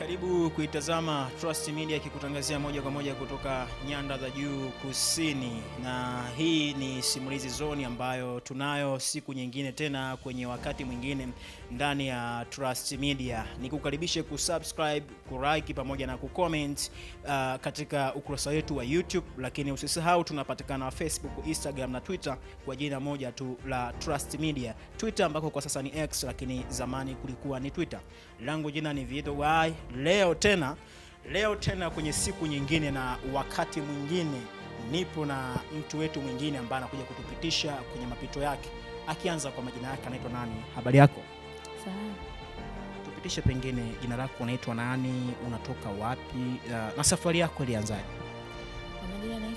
Karibu kuitazama Trust Media ikikutangazia moja kwa moja kutoka nyanda za juu kusini, na hii ni simulizi zoni ambayo tunayo siku nyingine tena kwenye wakati mwingine ndani ya Trust Media. Nikukaribishe kusubscribe, kulike pamoja na kucomment uh, katika ukurasa wetu wa YouTube, lakini usisahau tunapatikana Facebook, Instagram na Twitter kwa jina moja tu la Trust Media. Twitter ambako kwa sasa ni X, lakini zamani kulikuwa ni Twitter. Langu jina ni Vito Y leo tena, leo tena kwenye siku nyingine na wakati mwingine, nipo na mtu wetu mwingine ambaye anakuja kutupitisha kwenye mapito yake, akianza kwa majina yake. Anaitwa nani? Habari yako? Sawa. Tupitishe pengine jina lako, unaitwa nani, unatoka wapi, uh, na safari yako ilianzaje? Nanyala,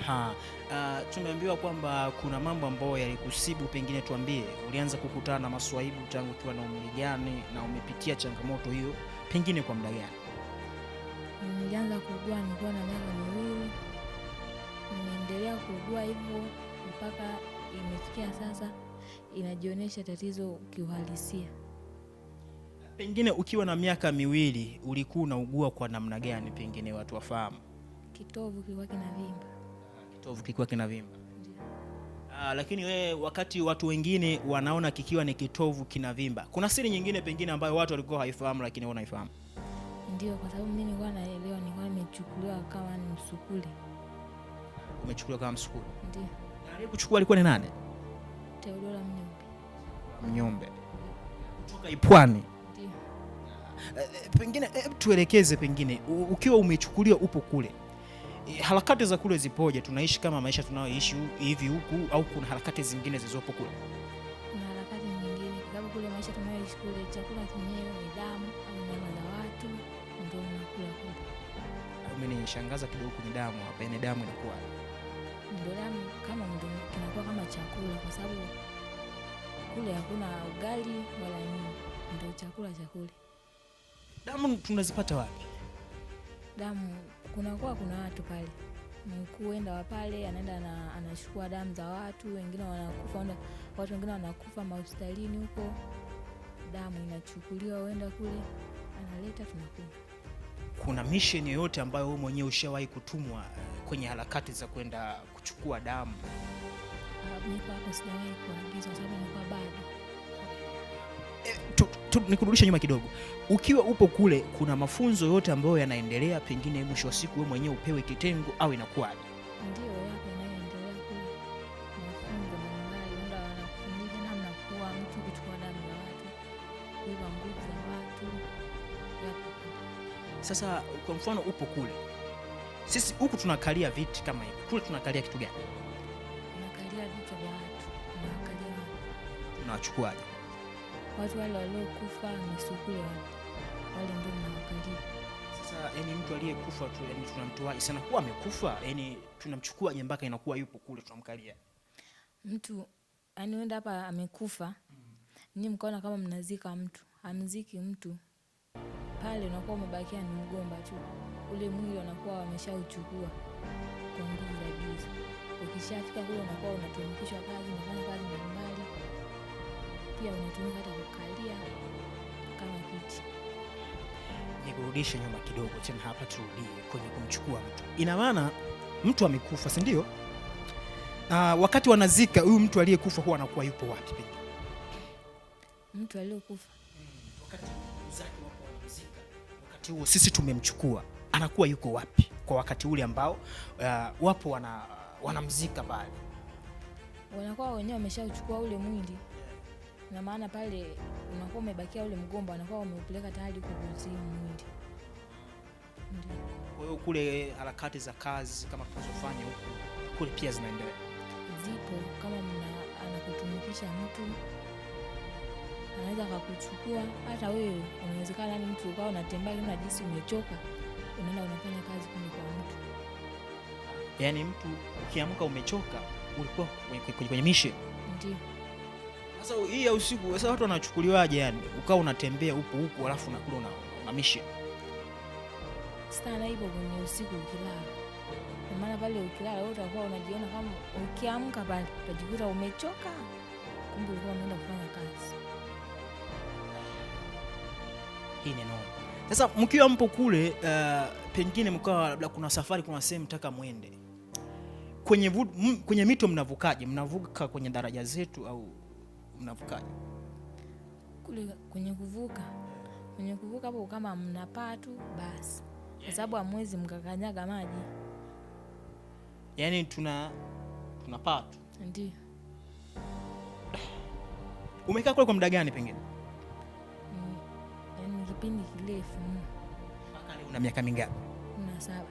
Aha. Uh, tumeambiwa kwamba kuna mambo ambayo yalikusibu, pengine tuambie, ulianza kukutana na maswaibu tangu ukiwa na umri gani na umepitia changamoto hiyo pengine kwa muda gani? Nilianza kuugua nikiwa na miaka miwili, nimeendelea kuugua hivyo mpaka imefikia sasa inajionyesha tatizo kiuhalisia. Pengine ukiwa na miaka miwili ulikuwa unaugua kwa namna gani, pengine watu wafahamu? Kitovu kilikuwa kinavimba kitovu kikiwa kinavimba. Aa, ah, lakini we, wakati watu wengine wanaona kikiwa ni kitovu kinavimba, kuna siri nyingine pengine ambayo watu walikuwa haifahamu, lakini wewe unaifahamu. Ndio, kwa sababu mimi nilikuwa naelewa, nilikuwa nimechukuliwa kama ni msukuli. Umechukuliwa kama msukuli? Ndio. Na aliyekuchukua alikuwa ni nani? Teodora Mnyombe. Mnyombe kutoka Ipwani. Ndio. Ah, eh, pengine hebu tuelekeze, pengine ukiwa umechukuliwa upo kule harakati za kule zipoje? Tunaishi kama maisha tunayoishi hivi huku au kuna harakati zingine zilizopo kule? Kuna harakati nyingine, kwa sababu kule maisha tunayoishi kule, chakula ni damu au nyama za watu, ndio kule. kidogo, kwenye damu hapa, ene yaani damu inakuwa ndio damu kama ndio kinakuwa kama chakula, kwa sababu kule hakuna ugali wala nini, ndio chakula cha kule. Damu tunazipata wapi? damu kunakuwa kuna watu pale, mkuenda enda wa pale anaenda na anachukua damu za watu wengine, wanakufa watu wengine wanakufa mahospitalini huko, damu inachukuliwa uenda kule analeta tunakunywa. Kuna misheni yoyote ambayo wewe mwenyewe ushawahi kutumwa eh, kwenye harakati za kwenda kuchukua damu? Niko ah, hapo sijawahi kuagizwa sababu nilikuwa bado nikurudisha nyuma kidogo, ukiwa upo kule, kuna mafunzo yote ambayo yanaendelea, pengine mwisho wa siku wewe mwenyewe upewe kitengo au inakuwaje? Sasa kwa mfano upo kule, sisi huku tunakalia viti kama hivi, kule tunakalia kitu gani? Tunakalia vitu vya watu, tunakalia. Unawachukuaje? watu wale waliokufa misukule wale ndio mnawakalia sasa. Yani mtu aliyekufa tu yani tunamtoa sana kuwa amekufa, yani tunamchukua mpaka inakuwa yupo kule, tunamkalia mtu yani wenda hapa amekufa mm. Ni mkaona kama mnazika mtu, amziki mtu pale, unakuwa umebakia ni mgomba tu, ule mwili wanakuwa wameshauchukua kwa nguvu za giza. Ukishafika kule unakuwa unatumikishwa kazi, unafanya kazi mbalimbali pia unatumika hata kukalia kama kiti. Nikurudishe nyuma kidogo tena, hapa turudie kwenye kumchukua mtu. Ina maana mtu amekufa, si ndio? Uh, wakati wanazika huyu mtu aliyekufa huwa anakuwa yupo wapi? mtu aliyekufa wakati huo sisi tumemchukua, anakuwa yuko wapi kwa wakati ule ambao uh, wapo wana wanamzika pale, wanakuwa wenyewe wameshachukua ule mwili na maana pale unakuwa umebakia ule mgomba, unakuwa umeupeleka tayari kuuzia mwindi. Kwa hiyo kule harakati za kazi kama tunazofanya huku kule pia zinaendelea, zipo. Kama anakutumikisha mtu anaweza akakuchukua hata wewe, unawezekana yani mtu ukawa unatembea na jinsi umechoka, unaenda unafanya kazi kumbe kwa mtu, yaani mtu ukiamka umechoka ulikuwa kwenye mishe, ndio sasa hii ya usiku, sasa watu wanachukuliwaje? Yani ukawa unatembea huko huko, alafu unakula una, na mission sana hivyo kwenye usiku ukilala, kwa maana pale ukilala wewe utakuwa unajiona kama, ukiamka pale utajikuta umechoka, kumbe ulikuwa unaenda kufanya kazi. Hii ni noma. Sasa mkiwa mpo kule, uh, pengine mkawa labda kuna safari, kuna sehemu mtaka mwende kwenye, kwenye mito mnavukaje? Mnavuka kwenye daraja zetu au mnavukaje? Kule kwenye kuvuka, kwenye kuvuka hapo kama mnapaa tu basi, kwa sababu hamwezi mkakanyaga maji. Yaani tuna tunapaa tu. Ndio. Umekaa kule kwa muda gani pengine? Yaani kipindi kirefu. Mpaka leo una miaka mingapi? Una saba.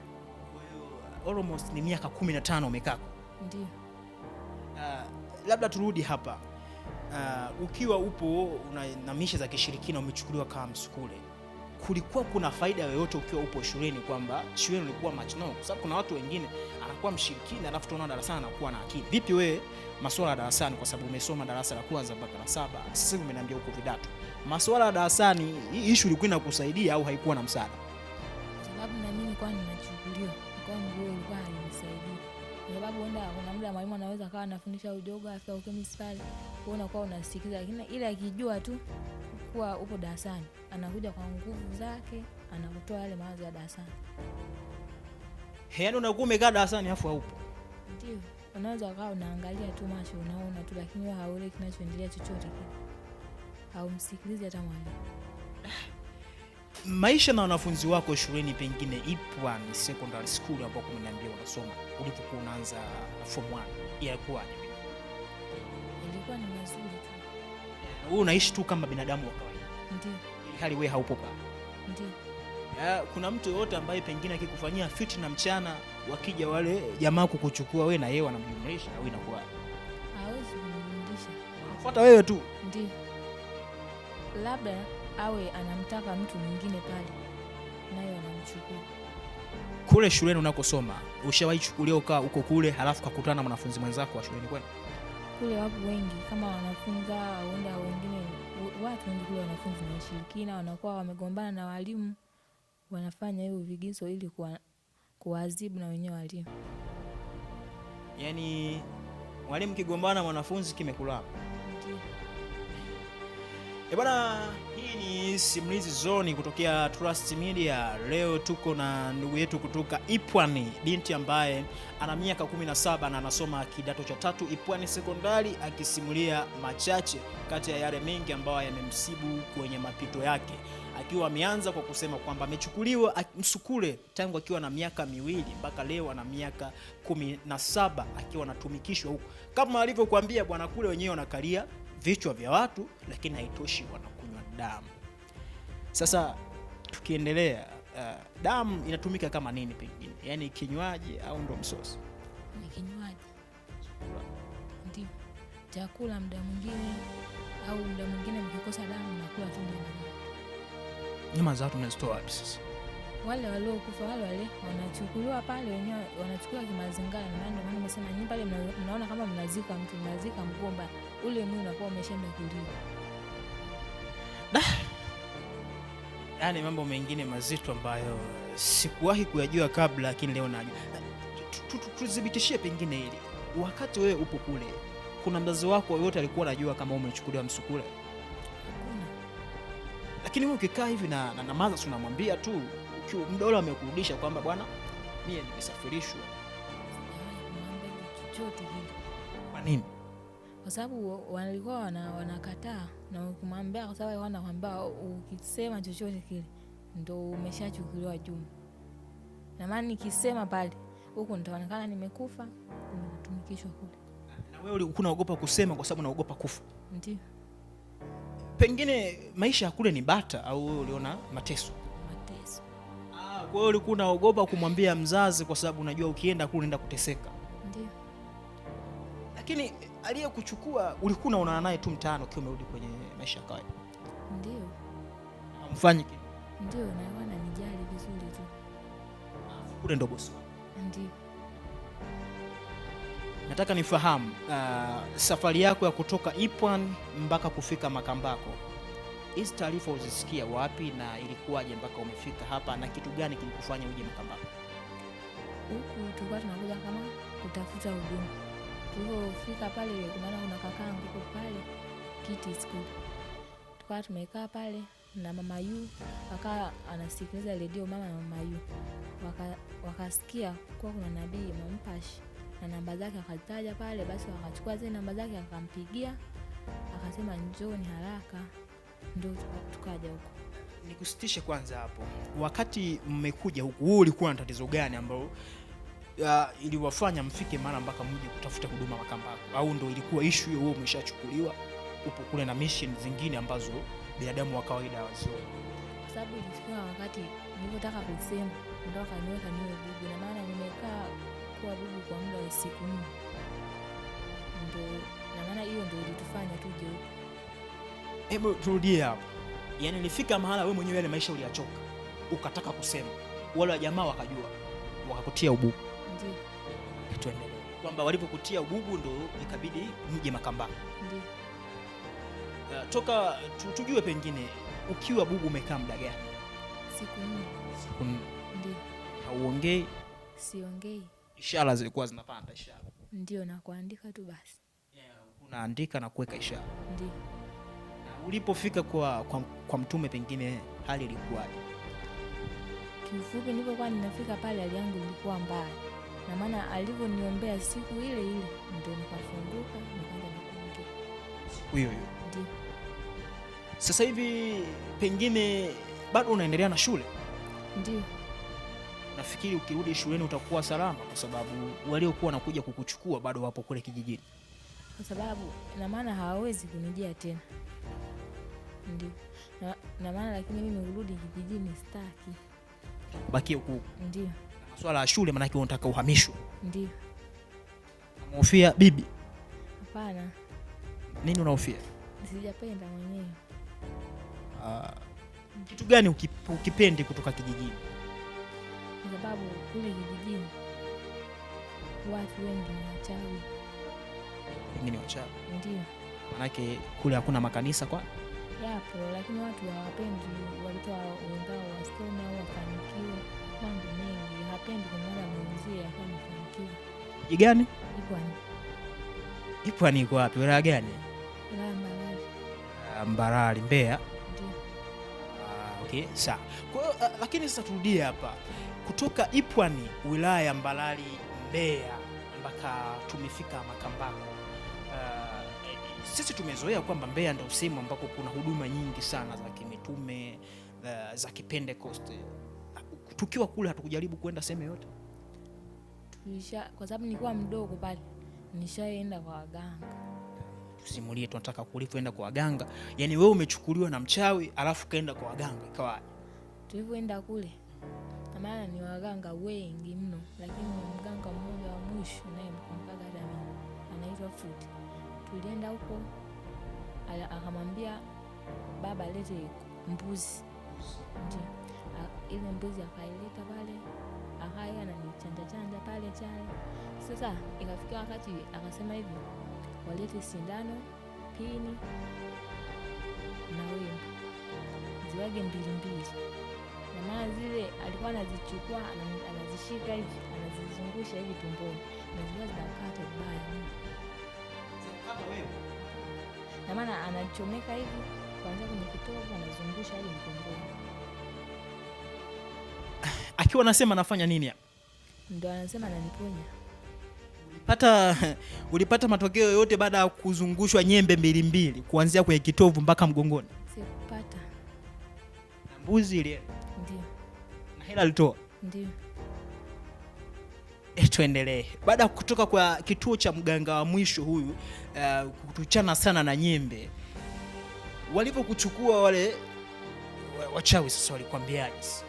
Kwa hiyo almost ni miaka kumi na tano umekaa. Ndio. Uh, labda turudi hapa uh, ukiwa upo una, na misha za kishirikina umechukuliwa kama msukule, kulikuwa kuna faida yoyote ukiwa upo shuleni kwamba shuleni ulikuwa macho? kwa sababu kuna watu wengine anakuwa mshirikina alafu tunaona darasani anakuwa na akili. Vipi wewe masuala ya darasani, kwa sababu umesoma darasa la kwanza mpaka la saba, sasa umeniambia uko vidato, masuala ya darasani, hii issue ilikuwa inakusaidia au haikuwa na msaada? labda mwalimu anaweza kawa anafundisha geography au chemistry pale, wewe unakuwa unasikiza, lakini ile akijua tu kuwa upo darasani, anakuja kwa nguvu zake, anakutoa yale mawazo ya darasani. Yaani unakuwa umekaa darasani afu haupo. Ndio. Unaweza ukawa unaangalia tu macho, unaona tu, lakini wewe haule kinachoendelea chochote kile, haumsikilizi hata mwalimu maisha na wanafunzi wako shuleni, pengine Ipwa ni secondary school ambapo umeniambia unasoma, ulipokuwa unaanza form 1 ilikuwaje? Ilikuwa ni mazuri tu. Wewe unaishi tu kama binadamu wa kawaida. Ndio. Hali wewe haupo baba. Ndio. Ya, kuna mtu yoyote ambaye pengine akikufanyia na mchana, wakija wale jamaa kukuchukua wewe na yeye wanamjumlisha au inakuwa? Hawezi kumjumlisha. fuata wewe tu. Ndio. Labda awe anamtaka mtu mwingine pale, naye anamchukua. Kule shuleni unakosoma ushawahi chukulia ukaa uko kule, halafu kakutana na mwanafunzi mwenzako wa shuleni kwenu? Kule wapo wengi, kama wanafunza wenda wengine, watu wengi kule wanafunzi wanashirikina, wanakuwa wamegombana na walimu, wanafanya hivyo vigizo ili kuwaadhibu na wenyewe walimu. Yaani mwalimu kigombana, mwanafunzi kimekulapa E bwana, hii ni Simulizi Zone kutokea Trust Media. Leo tuko na ndugu yetu kutoka Ipwani, binti ambaye ana miaka 17 na anasoma kidato cha tatu Ipwani Sekondari, akisimulia machache kati ya yale mengi ambayo yamemsibu kwenye mapito yake, akiwa ameanza kwa kusema kwamba amechukuliwa msukule tangu akiwa na miaka miwili mpaka leo ana miaka 17 akiwa anatumikishwa huko, kama alivyokuambia bwana, kule wenyewe wanakalia vichwa vya watu, lakini haitoshi, wanakunywa damu. Sasa tukiendelea, uh, damu inatumika kama nini pengine, yaani kinywaji au ndo msosi? Ni kinywaji, ndio chakula Mda mwingine, au mda mwingine mkikosa damu nakula tu nyama. Nyama za watu unazitoa wapi sasa? Wale waliokufa wale wale wanachukuliwa pale wenyewe, wanachukuliwa kimazingara. Ndio maana nimesema nyinyi pale mnaona kama mnazika mtu, mnazika mgomba ule mwili unakuwa umeshaenda kulia. Yaani mambo mengine mazito ambayo sikuwahi kuyajua kabla, lakini leo najua. Tuthibitishie pengine hili, wakati wewe upo kule, kuna mzazi wako yote alikuwa anajua kama umechukuliwa msukule? Lakini wewe ukikaa hivi na, na, na maza unamwambia tu mdola amekurudisha kwamba bwana, mie nimesafirishwa. Kwa nini? kwa sababu walikuwa wana, wanakataa na ukimwambia, kwa sababu wanakwambia ukisema chochote kile ndo umeshachukuliwa juu, na maana nikisema pale huku nitaonekana nimekufa, nimetumikishwa kule. Na wewe ulikuwa unaogopa kusema kwa sababu unaogopa kufa, ndio pengine maisha ya kule ni bata, au wewe uliona mateso? Mateso. Ah, kwa hiyo ulikuwa unaogopa kumwambia mzazi kwa sababu unajua ukienda kule unaenda kuteseka, ndio. Lakini aliyekuchukua ulikuwa unaonana naye tu mtaani ukiwa umerudi kwenye maisha ya kawaida. Ndio. Amfanyi kitu. Ndio, na yeye ananijali vizuri tu. Kule ndo bosi. Ndio. Nataka nifahamu uh, safari yako ya kutoka Ipwan mpaka kufika Makambako, hizi taarifa uzisikia wapi na ilikuwaje mpaka umefika hapa na kitu gani kilikufanya uje Makambako? Huku tulikuwa tunakuja kama kutafuta huduma fika pale nilikumbana kuna kakaangu huko pale Kiti School, tukawa tumekaa pale na mama yu akawa anasikiliza redio mama na mama yu waka, wakasikia kuwa kuna nabii Mampashi na namba zake akazitaja pale, basi wakachukua zile namba zake akampigia, akasema njoo ni haraka, ndo tukaja huko. Nikusitishe kwanza hapo, wakati mmekuja huku, wewe ulikuwa na tatizo gani ambao uh, iliwafanya mfike mara mpaka mje kutafuta huduma Makambako, au ndo ilikuwa ishu hiyo? Wewe umeshachukuliwa upo kule na mission zingine ambazo binadamu wa kawaida hawaziona? Kwa sababu ilifika wakati nilipotaka kusema ndo akaniweka niwe bubu, na maana nimekaa kuwa bubu kwa muda wa siku nne, ndo na maana hiyo ndo ilitufanya tuje huko. Hebu turudie hapo, yaani ilifika mahala wewe mwenyewe yale maisha uliyachoka, ukataka kusema, wale wa jamaa wakajua, wakakutia ububu ndio tuendelee kwamba walipokutia ugugu ndo ikabidi mje Makambako. Ndio. Uh, toka tujue pengine ukiwa bugu umekaa muda gani? Siku nne. Siku nne. Ndio. Hauongei? Siongei. Ishara zilikuwa zinapanda ishara. Ndio, na kuandika tu basi. Yeah, unaandika na kuweka ishara. Ndio. Na ulipofika kwa, kwa, kwa mtume pengine hali ilikuwaje? Kiufupi nilipokuwa ninafika pale hali yangu ilikuwa mbaya na maana alivyoniombea siku ile ile ndio nikafunguka nikaenda nikaongea siku hiyo Ndio sasa hivi pengine bado unaendelea na shule? Ndio. Nafikiri ukirudi shuleni utakuwa salama, kwa sababu waliokuwa wanakuja kukuchukua bado wapo kule kijijini, kwa sababu na maana hawawezi kunijia tena. Ndio na maana, lakini mimi urudi kijijini staki, bakie huku. Ndio swala la shule, maanake unataka uhamishwe. Ndio unahofia bibi? Hapana. Nini unahofia? Sijapenda mwenyewe. Uh, kitu gani ukip, ukipendi kutoka kijijini? Kwa sababu kule kijijini watu wengi ni wachawi. Wengi ni wachawi? Ndio. Maanake kule hakuna makanisa kwa yapo, lakini watu hawapendi walitoa wenzao wasome au wafanikiwe mambo mengi, hapendi kumwona mwenzie akiwa amefanikiwa. gani? Ipwani. Ipwani iko wapi? Wilaya gani? Wilaya Mbarali. Ah, Mbarali, Mbeya. Ah, okay, sawa. Kwa hiyo uh, lakini sasa turudie hapa kutoka Ipwani wilaya ya Mbarali Mbeya mpaka tumefika Makambako. Uh, sisi tumezoea kwamba Mbeya ndio sehemu ambako kuna huduma nyingi sana za kimitume eh, za Kipentekoste tukiwa kule hatukujaribu kwenda sehemu yoyote? Tulisha, kwa sababu nilikuwa mdogo pale nishaenda kwa waganga. Tusimulie, tunataka kulivyoenda kwa waganga. Yaani wewe umechukuliwa na mchawi alafu kaenda kwa waganga, ikawa tulivyoenda kule, maana ni waganga wengi mno, lakini mganga mmoja wa mwisho naye mkumbaga dada anaitwa Futi. Tulienda huko akamwambia baba, lete mbuzi ndio Ah, ile mbuzi akaileta pale, akaya ananichanja chanja pale chale. Sasa ikafikia wakati akasema hivi walete sindano, pini na wembe ziwage mbili mbili, na maana zile alikuwa anazichukua anazishika hivi anazizungusha hivi tumboni, na zilikuwa zinakata vibaya na maana anachomeka hivi kwanza kwenye kitovu anazungusha hivi mgongoni akiwa anasema anafanya nini hapa? Ndio anasema ananiponya. Hata ulipata matokeo yote baada ya kuzungushwa nyembe mbili mbili kuanzia kwenye kitovu mpaka mgongoni? Sikupata. Na mbuzi ile? Ndio. Na hela alitoa? Ndio. E, tuendelee. Baada ya kutoka kwa kituo cha mganga wa mwisho huyu, uh, kutuchana sana na nyembe, walipokuchukua wale wachawi sasa walikwambiaje?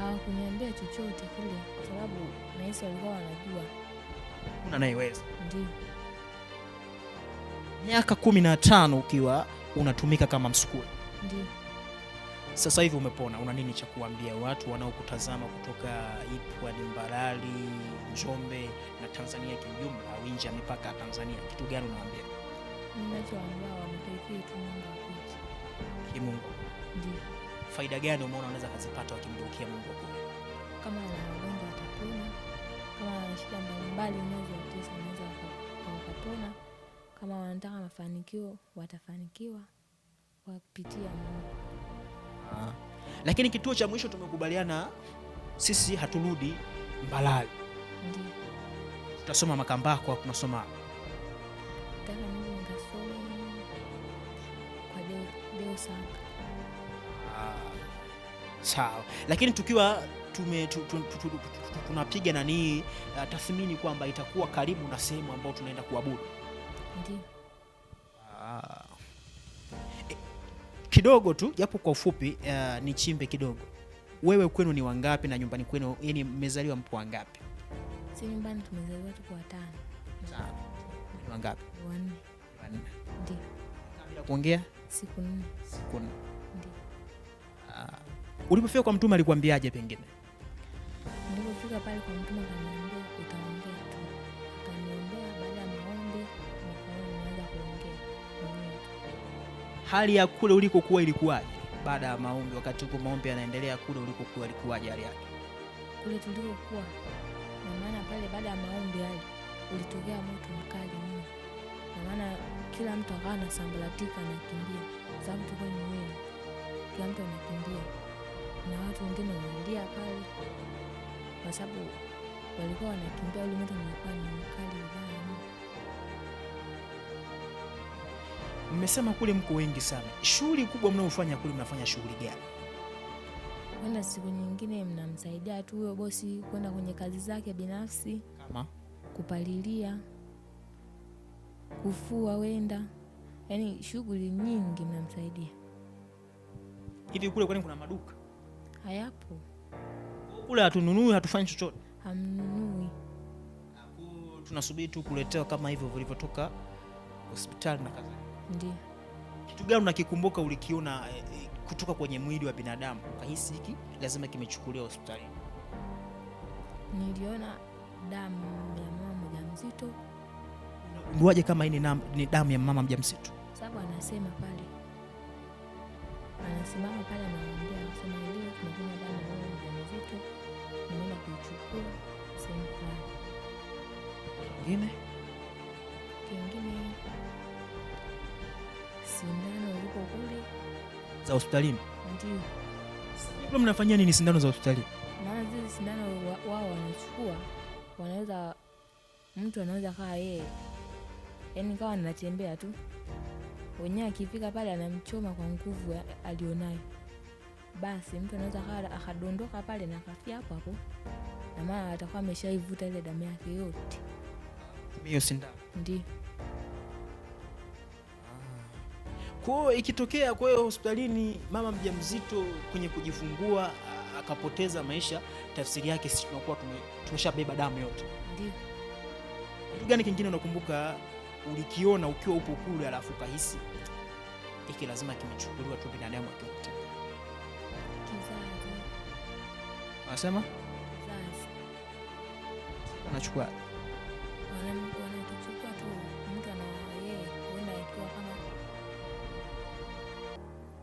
hawakuniambia chochote kile, kwa sababu nahisi walikuwa wanajua kuna anayeweza. Ndio miaka kumi na tano ukiwa unatumika kama msukuli. Ndio sasa hivi umepona, una nini cha kuambia watu wanaokutazama kutoka Ipwa, Mbarali, Njombe na Tanzania kiujumla, au nje ya mipaka ya Tanzania? Kitu gani unawaambia? Ninachowaambia wamtakie tu Mungu, akuje kimungu. Ndio faida gani umeona unaweza kazipata wakimgeukia Mungu kule? Kama ana magonjwa atapona, kama ana shida mbalimbali unazowatesa unaweza wakapona, kama wanataka mafanikio watafanikiwa kwa kupitia Mungu. Lakini kituo cha mwisho tumekubaliana sisi haturudi Mbalali. Tutasoma Makambako, tunasoma Taka Mungu kwa Deo Sanga. Sawa, lakini tukiwa tunapiga nani uh, tathmini kwamba itakuwa karibu na sehemu ambayo tunaenda kuabudu eh, kidogo tu japo kwa ufupi, uh, ni chimbe kidogo. Wewe kwenu ni wangapi na nyumbani kwenu, yani mmezaliwa mpo wangapi? Si nyumbani tumezaliwa tuko watano. Sawa. Ni wangapi? Wanne. Wanne. Ndio. Bila kuongea? Siku nne. Siku nne. Ndio. Ah. Ulipofika kwa mtume alikwambiaje? Pengine nilipofika pale kwa mtume akaniambia utaongea tu, akaniombea. Baada ya maombi nikaanza kuongea. Hali ya kule ulikokuwa ilikuwaje baada ya maombi? Wakati huko maombi yanaendelea, kule ulikokuwa ilikuwaje hali yake? Kule tulikokuwa na maana pale, baada ya maombi hali ulitokea moto mkali mno, na maana kila mtu akawa anasambaratika, anakimbia, sababu tuko ni wengi, kila mtu anakimbia na watu wengine wanalia pale, kwa sababu walikuwa wanakimbia, ule moto ulikuwa ni mkali sana. Mmesema kule mko wengi sana, shughuli kubwa mnaofanya kule, mnafanya shughuli gani? Kwenda siku nyingine mnamsaidia tu huyo bosi kwenda kwenye kazi zake binafsi, kama kupalilia, kufua, wenda, yaani shughuli nyingi mnamsaidia. Hivi kule kwani kuna maduka? hayapo. Kule hatununui, hatufanyi chochote, hamnunui, tunasubiri tu kuletewa kama hivyo vilivyotoka hospitali na kadhalika. Ndio kitu gani unakikumbuka ulikiona eh, eh, kutoka kwenye mwili wa binadamu ukahisi hiki lazima kimechukuliwa hospitali? Niliona damu ya mama mjamzito. Unagunduaje kama hii ni damu ya mama mjamzito? Sababu anasema pale anasimama pale anaongea anasema, leo tunakunywa damu ya mama mjamzito, nimeenda kuichukua sehemu fulani. Kingine kingine, sindano ilipo kule za hospitalini. Ndio hivyo mnafanyia nini sindano za hospitali? Maana zile sindano wao wanachukua, wanaweza mtu anaweza kaa yeye, yaani kawa anatembea tu wenyewe akifika pale anamchoma kwa nguvu alionayo, basi mtu anaweza kaa akadondoka pale na kafia hapo hapo, na maana atakuwa ameshaivuta ile damu yake yote. Hiyo sindano ndio ah. kwao ikitokea. Kwa hiyo hospitalini, mama mjamzito kwenye kujifungua akapoteza maisha, tafsiri yake sisi tunakuwa tumeshabeba damu yote. Ndio. Kitu gani kingine unakumbuka ulikiona ukiwa upo kule, alafu ukahisi hiki lazima kimechukuliwa tu, binadamu akikuta. Anasema anachukua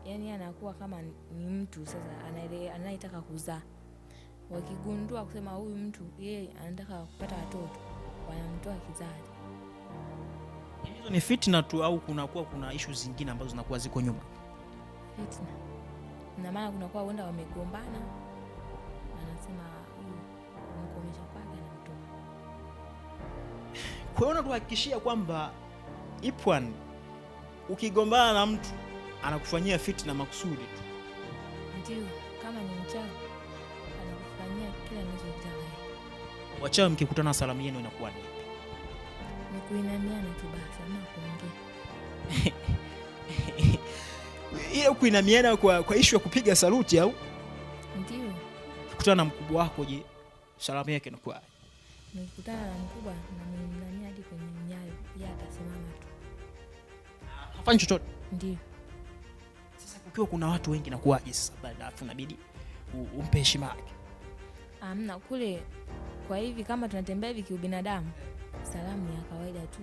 Yani anakuwa kama ni mtu sasa anayetaka kuzaa, wakigundua kusema huyu mtu yeye anataka kupata watoto, wanamtoa kizazi hizo ni fitna tu au kunakuwa kuna, kuna ishu zingine ambazo zinakuwa ziko nyuma? Fitna na maana kunakuwa wenda wamegombana, anasema mkomesha hmm, kwaga na mtoa. Kwa hiyo unatuhakikishia kwamba Ipwan ukigombana na mtu anakufanyia fitna makusudi tu? Ndio, kama ni mchawi anakufanyia kila anachotaka. Wachawi mkikutana salamu yenu inakuwa nini? ni tu basi, kuongea. Ile kuinamiana kwa, kwa ishu ya kupiga saluti au ndio kutana na mkubwa wako, je, salamu yake inakuwa? Nikutana na mkubwa na mimi hadi kwenye nyayo, ya atasimama tu, hafanyi chochote. Ndio sasa, kukiwa kuna watu wengi nakuwaje sasa? Baada afu nabidi umpe heshima yake Amna kule kwa hivi, kama tunatembea hivi kiubinadamu, salamu ya kawaida tu,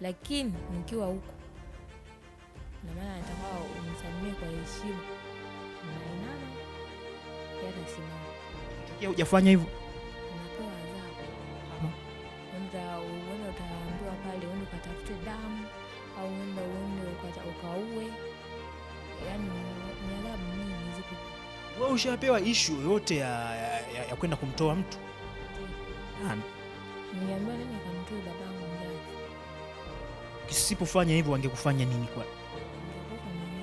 lakini nikiwa huko, na maana natakiwa unisalimie kwa heshima, nainama hata simama. Ikitokea hujafanya hivyo, unapewa adhabu, uende utaambiwa pale, uende ukatafute damu au uende uende ukaue, yani ni adhabu nyingi ziko wewe ushapewa ishu yoyote ya, ya, ya, ya kwenda kumtoa mtu? Niliambiwa nani akamtoa babangu mzazi. Kisipofanya hivyo wangekufanya nini kwa?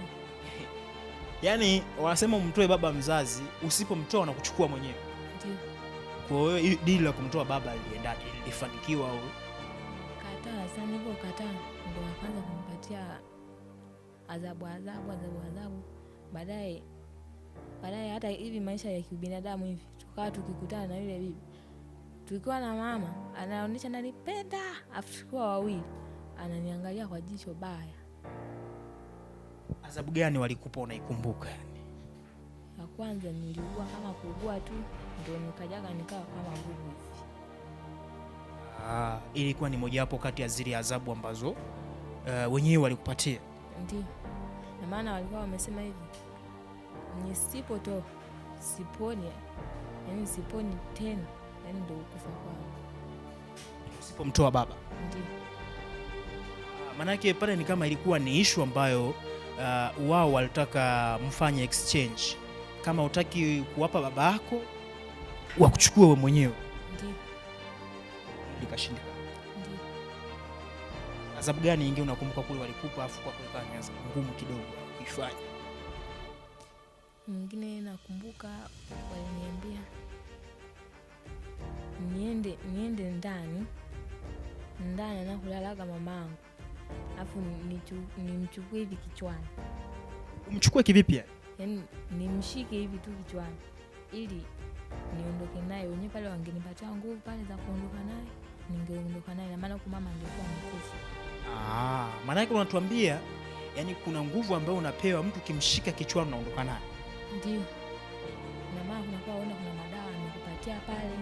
Yaani wanasema umtoe baba mzazi, usipomtoa na kuchukua mwenyewe. Ndio. Kwa hiyo dili la kumtoa baba liliendaje? Lilifanikiwa au? Kataa sana hivyo kataa. Ndio akaanza kumpatia adhabu adhabu adhabu adhabu. Baadaye baadaye hata hivi maisha ya kibinadamu hivi, tukawa tukikutana na yule bibi, tukiwa na mama anaonyesha nanipenda, afu tukiwa wawili ananiangalia kwa jicho baya. Adhabu gani walikupa unaikumbuka? Yani ya kwanza niliugua kama kuugua tu, ndio nikajaga nikawa kama nguvu hivi. Ah, ilikuwa ni mojawapo kati ya zile adhabu ambazo uh, wenyewe walikupatia? Ndio, na maana walikuwa wamesema hivi nisipo to siponi, yani siponi tena, yani ndio kufa kwangu. Usipomtoa baba ndio ah, maanake pale ni kama ilikuwa ni ishu ambayo uh, wao walitaka mfanye exchange, kama utaki kuwapa baba yako wakuchukua wewe mwenyewe. Ndio likashindikana. Ndio adhabu gani ingine unakumbuka kule walikupa, afu kwa kweli ngumu kidogo kuifanya mwingine nakumbuka waliniambia niende niende ndani ndani anakulalaga mamangu alafu nimchukue hivi kichwani. Umchukue kivipi? yani nimshike hivi tu kichwani ili niondoke naye. wenye pale wangenipatia nguvu pale za kuondoka naye, ningeondoka naye, na maana huku mama angekuwa amekufa. Ah, maana yake unatuambia, yani kuna nguvu ambayo unapewa mtu kimshika kichwani unaondoka naye ndio na maana kunakuwa unaona kuna madawa nimekupatia pale,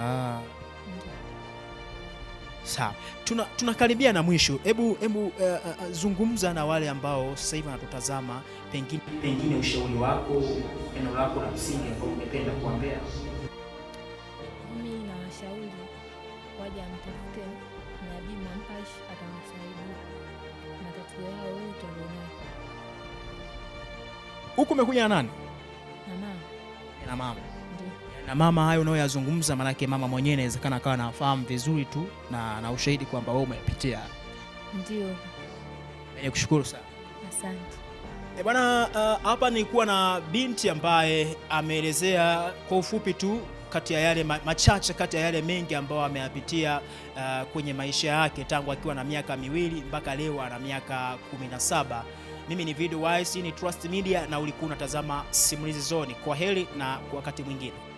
ah. Sawa, tuna tunakaribia na mwisho. Hebu hebu uh, eh, uh, eh, eh, zungumza na wale ambao sasa hivi wanatutazama, pengine pengine ushauri wako, neno lako la msingi ambao umependa kuambia Mtafute Nabii Mampashi atawasaidia matatizo yao yote walionayo. Huku umekuja na nani? Na mama. Na mama. Ndiyo. Na mama hayo unayoyazungumza, maanake mama mwenyewe inawezekana akawa anafahamu vizuri tu na na ushahidi kwamba wewe umepitia. Mimi kushukuru sana. Asante. E bwana, ah, hapa uh, nilikuwa na binti ambaye ameelezea kwa ufupi tu kati ya yale machache kati ya yale mengi ambayo ameyapitia uh, kwenye maisha yake tangu akiwa na miaka miwili mpaka leo ana miaka 17. Mimi ni Video Wise, ni Trust Media na ulikuwa unatazama Simulizi Zone. Kwa heri na wakati mwingine.